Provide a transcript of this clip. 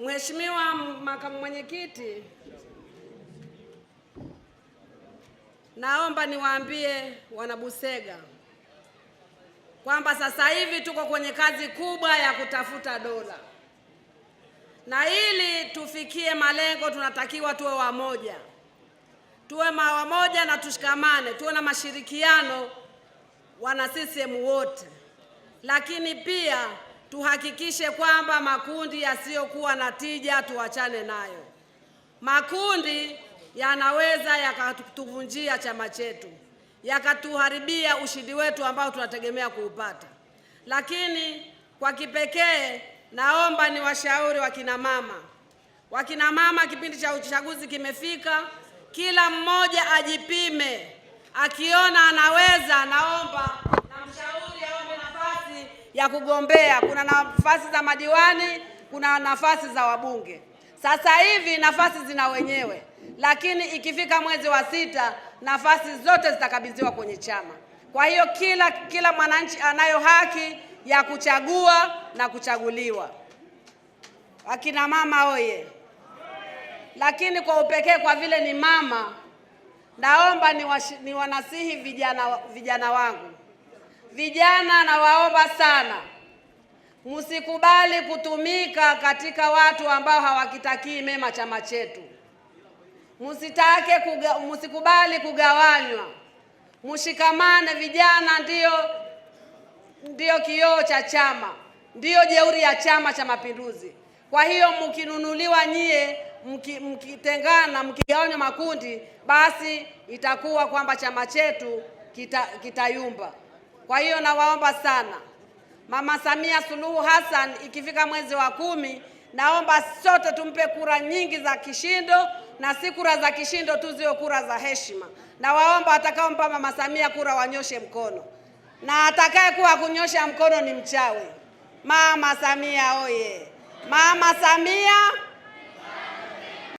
Mheshimiwa makamu mwenyekiti, naomba niwaambie wanabusega kwamba sasa hivi tuko kwenye kazi kubwa ya kutafuta dola, na ili tufikie malengo tunatakiwa tuwe wamoja, tuwe mawamoja na tushikamane, tuwe na mashirikiano wana CCM wote, lakini pia tuhakikishe kwamba makundi yasiyokuwa na tija tuachane nayo. Makundi yanaweza yakatuvunjia chama chetu, yakatuharibia ushindi wetu ambao tunategemea kuupata. Lakini kwa kipekee, naomba ni washauri wakina mama, wakina mama, kipindi cha uchaguzi kimefika, kila mmoja ajipime, akiona anaweza na ya kugombea, kuna nafasi za madiwani, kuna nafasi za wabunge. Sasa hivi nafasi zina wenyewe, lakini ikifika mwezi wa sita nafasi zote zitakabidhiwa kwenye chama. Kwa hiyo kila kila mwananchi anayo haki ya kuchagua na kuchaguliwa. Akina mama oye! Lakini kwa upekee, kwa vile ni mama, naomba niwanasihi vijana, vijana wangu Vijana nawaomba sana, msikubali kutumika katika watu ambao hawakitakii mema chama chetu. Msitake kuga, msikubali kugawanywa, mshikamane. Vijana ndiyo ndio kioo cha chama, ndiyo jeuri ya Chama cha Mapinduzi. Kwa hiyo mkinunuliwa nyie, mkitengana, mkigawanywa makundi, basi itakuwa kwamba chama chetu kita, kitayumba. Kwa hiyo nawaomba sana Mama Samia Suluhu Hassan, ikifika mwezi wa kumi, naomba sote tumpe kura nyingi za kishindo, na si kura za kishindo tu, ziwe kura za heshima. Nawaomba watakaompa Mama Samia kura wanyoshe mkono, na atakaye kuwa kunyosha mkono ni mchawi. Mama Samia oye! Mama Samia